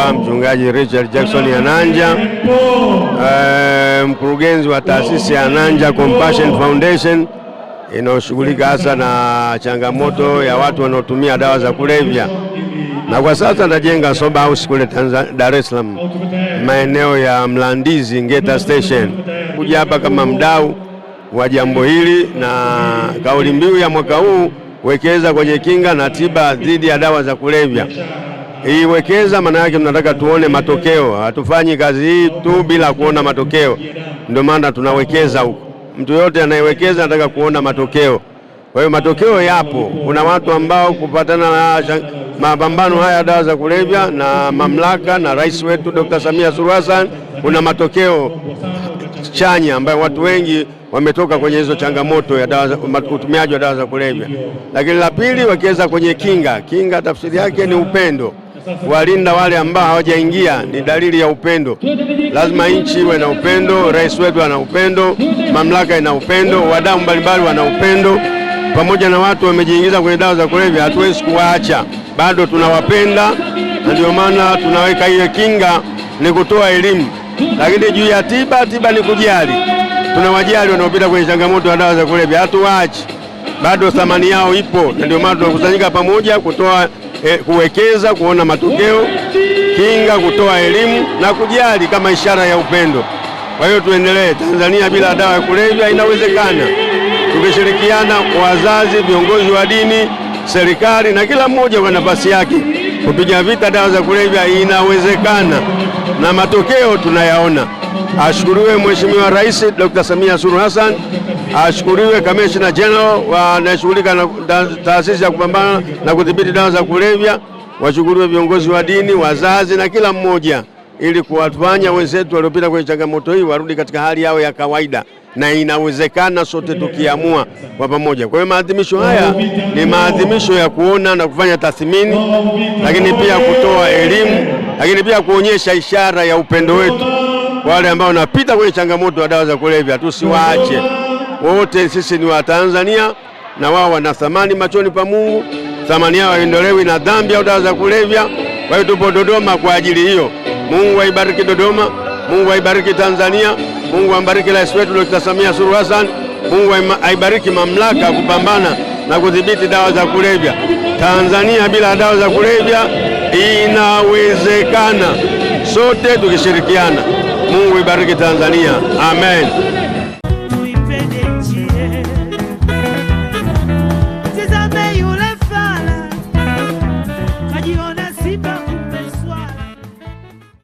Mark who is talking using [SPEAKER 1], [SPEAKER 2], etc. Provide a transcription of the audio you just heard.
[SPEAKER 1] hapa mchungaji Richard Jackson yananja eh, mkurugenzi wa taasisi ya nanja Compassion Foundation inayoshughulika hasa na changamoto ya watu wanaotumia dawa za kulevya, na kwa sasa anajenga sober house kule Dar es Salaam, maeneo ya Mlandizi Ngeta Station. Kuja hapa kama mdau wa jambo hili, na kauli mbiu ya mwaka huu wekeza kwenye kinga na tiba dhidi ya dawa za kulevya. Iwekeza maana yake mnataka tuone matokeo. Hatufanyi kazi hii tu bila kuona matokeo, ndio maana tunawekeza huko. Mtu yote anayewekeza anataka kuona matokeo. Kwa hiyo matokeo yapo. Kuna watu ambao kupatana na mapambano haya dawa za kulevya na mamlaka na rais wetu Dr. Samia Suluhu Hassan, kuna matokeo chanya ambayo watu wengi wametoka kwenye hizo changamoto ya dawa, utumiaji wa dawa za kulevya. Lakini la pili, wekeza kwenye kinga. Kinga tafsiri yake ni upendo kuwalinda wale ambao hawajaingia ni dalili ya upendo. Lazima nchi iwe na upendo, rais wetu ana upendo, mamlaka ina upendo, wadau mbalimbali wana upendo. Pamoja na watu wamejiingiza kwenye dawa za kulevya, hatuwezi kuwaacha, bado tunawapenda, na ndio maana tunaweka hiyo kinga, ni kutoa elimu. Lakini juu ya tiba, tiba ni kujali, tunawajali wanaopita kwenye changamoto ya dawa za kulevya, hatuwaachi, bado thamani yao ipo, na ndio maana tunakusanyika pamoja kutoa Eh, kuwekeza, kuona matokeo, kinga, kutoa elimu na kujali kama ishara ya upendo. Kwa hiyo tuendelee. Tanzania bila dawa ya kulevya inawezekana, tukishirikiana wazazi, viongozi wa dini, serikali na kila mmoja kwa nafasi yake kupiga vita dawa za kulevya inawezekana, na matokeo tunayaona. Ashukuriwe Mheshimiwa Rais Dr. Samia Suluhu Hassan, ashukuriwe Kamishna General wanashughulika na taasisi ya kupambana na kudhibiti dawa za kulevya, washukuriwe viongozi wa dini, wazazi na kila mmoja, ili kuwafanya wenzetu waliopita kwenye changamoto hii warudi katika hali yao ya kawaida, na inawezekana sote tukiamua kwa pamoja. Kwa hiyo maadhimisho haya ni maadhimisho ya kuona na kufanya tathmini, lakini pia kutoa elimu, lakini pia kuonyesha ishara ya upendo wetu wale ambao wanapita kwenye changamoto ya dawa za kulevya tusiwaache. Wote sisi ni Watanzania na wao wana thamani machoni pa Mungu. Thamani yao haiondolewi na dhambi au dawa za kulevya. Kwa hiyo tupo Dodoma kwa ajili hiyo. Mungu aibariki Dodoma, Mungu aibariki Tanzania, Mungu ambariki rais wetu Dr. Samia Suluhu Hassan, Mungu aibariki mamlaka ya kupambana na kudhibiti dawa za kulevya. Tanzania bila dawa za kulevya inawezekana, sote tukishirikiana. Mungu ibariki Tanzania. Amen.